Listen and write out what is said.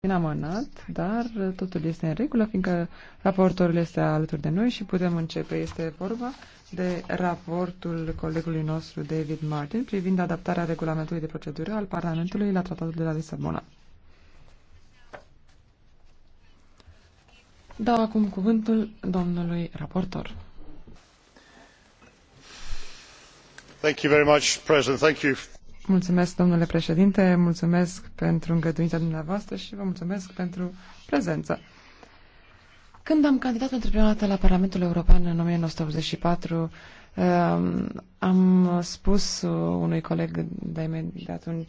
Bine amânat, dar totul este în regulă, fiindcă raportorul este alături de noi și putem începe. Este vorba de raportul colegului nostru David Martin privind adaptarea regulamentului de procedură al Parlamentului la Tratatul de la Lisabona. Dau acum cuvântul domnului raportor. Thank you very much, President. Thank you Mulțumesc, domnule președinte, mulțumesc pentru îngăduința dumneavoastră și vă mulțumesc pentru prezență. Când am candidat pentru prima dată la Parlamentul European în 1984, ehm, am spus unui coleg de, de atunci